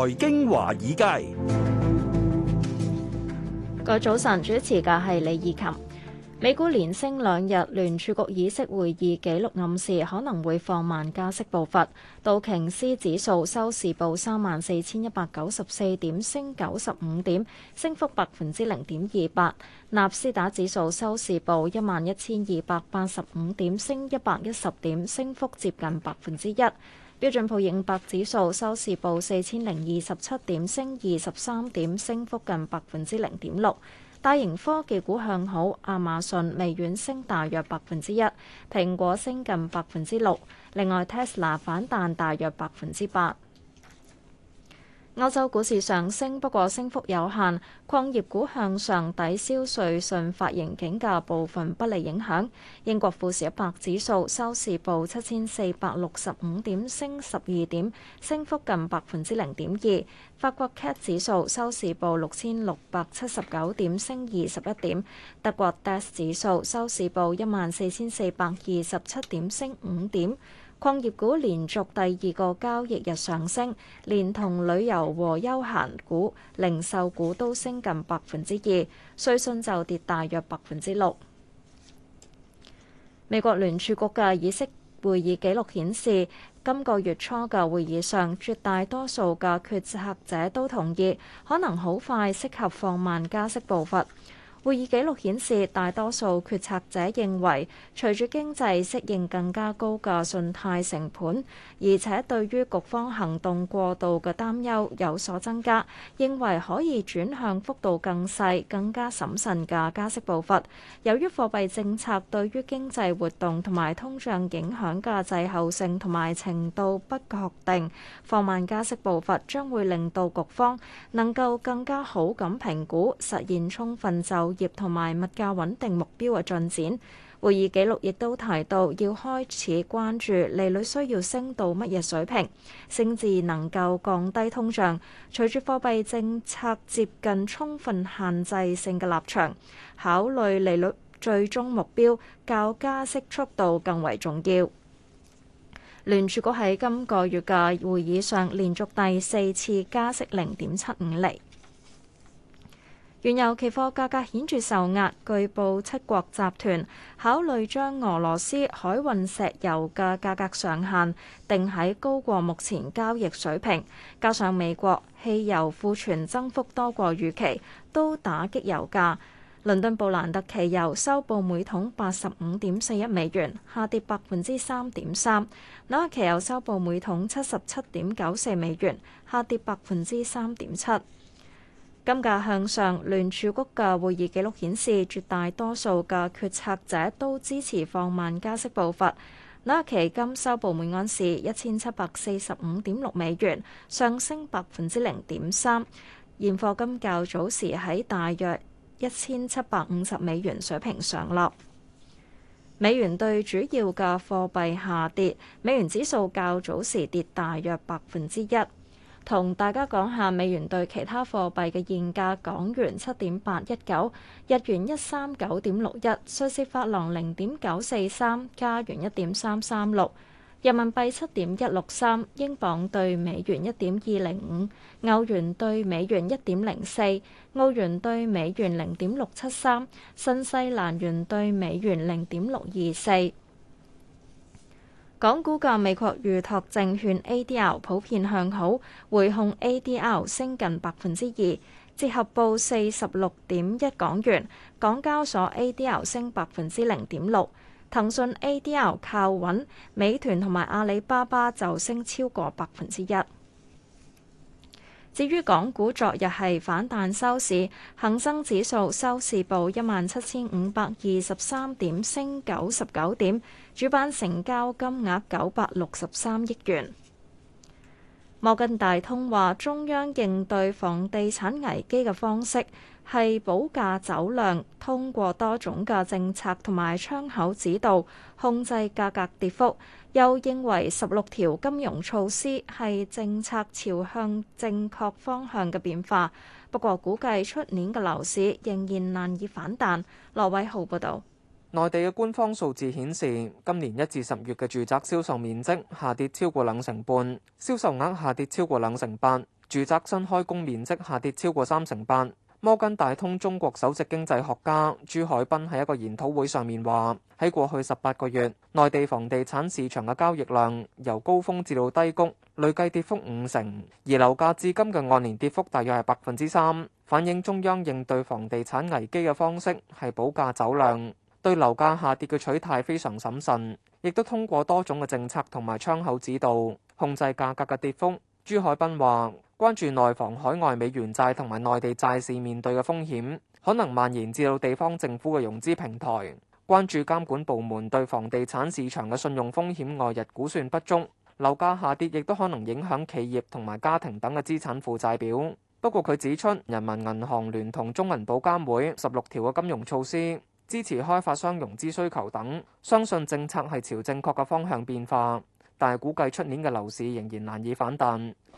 財經華爾街。各位早晨，主持嘅係李怡琴。美股連升兩日，聯儲局議息會議記錄暗示可能會放慢加息步伐。道瓊斯指數收市報三萬四千一百九十四點，升九十五點，升幅百分之零點二八。納斯達指數收市報一萬一千二百八十五點，升一百一十點，升幅接近百分之一。標準普爾五百指數收市報四千零二十七點，升二十三點，升幅近百分之零點六。大型科技股向好，亞馬遜微軟升大約百分之一，蘋果升近百分之六。另外，Tesla 反彈大約百分之八。歐洲股市上升，不過升幅有限。礦業股向上抵消瑞信發盈警嘅部分不利影響。英國富時一百指數收市報七千四百六十五點，升十二點，升幅近百分之零點二。法國 CAC 指數收市報六千六百七十九點，升二十一點。德國 DAX 指數收市報一萬四千四百二十七點，升五點。礦業股連續第二個交易日上升，連同旅遊和休閒股、零售股都升近百分之二，瑞信就跌大約百分之六。美國聯儲局嘅議息會議記錄顯示，今個月初嘅會議上，絕大多數嘅決策者都同意可能好快適合放慢加息步伐。會議記錄顯示，大多數決策者認為，隨住經濟適應更加高嘅信貸成本，而且對於局方行動過度嘅擔憂有所增加，認為可以轉向幅度更細、更加審慎嘅加息步伐。由於貨幣政策對於經濟活動同埋通脹影響嘅滯後性同埋程度不確定，放慢加息步伐將會令到局方能夠更加好咁評估，實現充分就業同埋物價穩定目標嘅進展，會議紀錄亦都提到要開始關注利率需要升到乜嘢水平，升至能夠降低通脹。隨住貨幣政策接近充分限制性嘅立場，考慮利率最終目標較加息速度更為重要。聯儲局喺今個月嘅會議上，連續第四次加息零點七五厘。原油期貨價格顯著受壓，據報七國集團考慮將俄羅斯海運石油嘅價格上限定喺高過目前交易水平，加上美國汽油庫存增幅多過預期，都打擊油價。倫敦布蘭特期油收報每桶八十五點四一美元，下跌百分之三點三；紐約期油收報每桶七十七點九四美元，下跌百分之三點七。金價向上，聯儲局嘅會議記錄顯示，絕大多數嘅決策者都支持放慢加息步伐。那期金收報每安士一千七百四十五點六美元，上升百分之零點三。現貨金較早時喺大約一千七百五十美元水平上落。美元對主要嘅貨幣下跌，美元指數較早時跌大約百分之一。同大家講下美元對其他貨幣嘅現價：港元七點八一九，日元一三九點六一，瑞士法郎零點九四三，加元一點三三六，人民幣七點一六三，英鎊對美元一點二零五，歐元對美元一點零四，澳元對美元零點六七三，新西蘭元對美元零點六二四。港股嘅美國預託證券 ADR 普遍向好，匯控 ADR 升近百分之二，折合報四十六點一港元。港交所 ADR 升百分之零點六，騰訊 ADR 靠穩，美團同埋阿里巴巴就升超過百分之一。至於港股昨日係反彈收市，恆生指數收市報一萬七千五百二十三點，升九十九點，主板成交金額九百六十三億元。摩根大通話中央應對房地產危機嘅方式係保價走量，通過多種嘅政策同埋窗口指導，控制價格跌幅。又認為十六條金融措施係政策朝向正確方向嘅變化。不過估計出年嘅樓市仍然難以反彈。羅偉浩報導。內地嘅官方數字顯示，今年一至十月嘅住宅銷售面積下跌超過兩成半，銷售額下跌超過兩成八，住宅新開工面積下跌超過三成八。摩根大通中國首席經濟學家朱海斌喺一個研討會上面話：喺過去十八個月，內地房地產市場嘅交易量由高峰至到低谷，累計跌幅五成，而樓價至今嘅按年跌幅大約係百分之三，反映中央應對房地產危機嘅方式係保價走量。對樓價下跌嘅取態非常審慎，亦都通過多種嘅政策同埋窗口指導控制價格嘅跌幅。朱海斌話：關注內房海外美元債同埋內地債市面對嘅風險，可能蔓延至到地方政府嘅融資平台。關注監管部門對房地產市場嘅信用風險外溢估算不足，樓價下跌亦都可能影響企業同埋家庭等嘅資產負債表。不過，佢指出，人民銀行聯同中銀保監會十六條嘅金融措施。支持開發商融資需求等，相信政策係朝正確嘅方向變化，但係估計出年嘅樓市仍然難以反彈。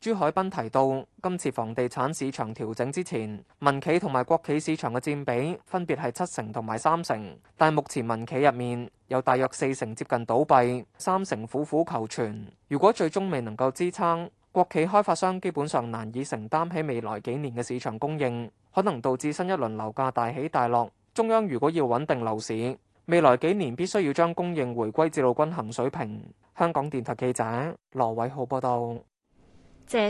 朱海斌提到，今次房地產市場調整之前，民企同埋國企市場嘅佔比分別係七成同埋三成，但目前民企入面有大約四成接近倒閉，三成苦苦求存。如果最終未能夠支撐，國企開發商基本上難以承擔起未來幾年嘅市場供應，可能導致新一輪樓價大起大落。中央如果要穩定樓市，未來幾年必須要將供應回歸至路均衡水平。香港電台記者羅偉浩報道。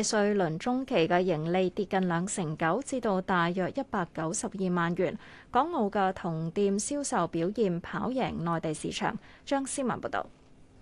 謝瑞麟中期嘅盈利跌近兩成九，至到大約一百九十二萬元。港澳嘅同店銷售表現跑贏內地市場。張思文報道，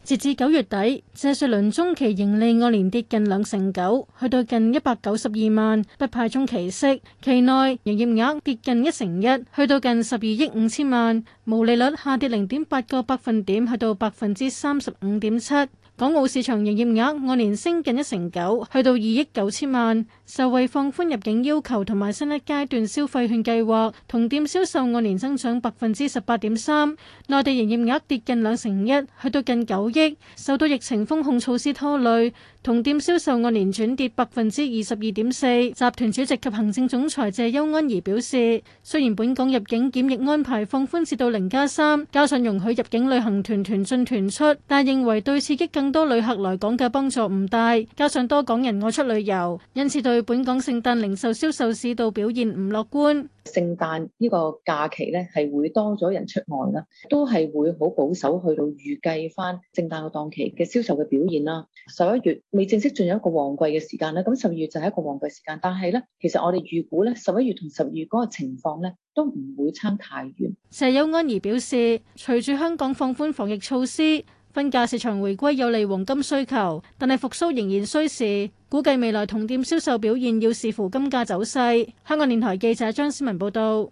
截至九月底，謝瑞麟中期盈利按年跌近兩成九，去到近一百九十二萬，不派中期息。期內營業額跌近一成一，去到近十二億五千萬，毛利率下跌零點八個百分點，去到百分之三十五點七。港澳市場營業額按年升近一成九，去到二億九千萬。受惠放寬入境要求同埋新一階段消費券計劃，同店銷售按年增長百分之十八點三，內地營業額跌近兩成一，去到近九億。受到疫情封控措施拖累，同店銷售按年轉跌百分之二十二點四。集團主席及行政總裁謝邱安怡表示，雖然本港入境檢疫安排放寬至到零加三，加上容許入境旅行團團進團出，但認為對刺激更多旅客來港嘅幫助唔大，加上多港人外出旅遊，因此對對本港聖誕零售銷售市道表現唔樂觀。聖誕呢個假期咧係會多咗人出外啦，都係會好保守去到預計返聖誕個檔期嘅銷售嘅表現啦。十一月未正式進入一個旺季嘅時間咧，咁十二月就係一個旺季時間，但係咧，其實我哋預估咧十一月同十二月嗰個情況咧都唔會差太遠。謝邱安儀表示，隨住香港放寬防疫措施。分價市場回歸有利黃金需求，但係復蘇仍然需時。估計未來同店銷售表現要視乎金價走勢。香港電台記者張思文報道。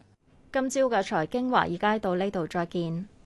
今朝嘅財經華爾街到呢度再見。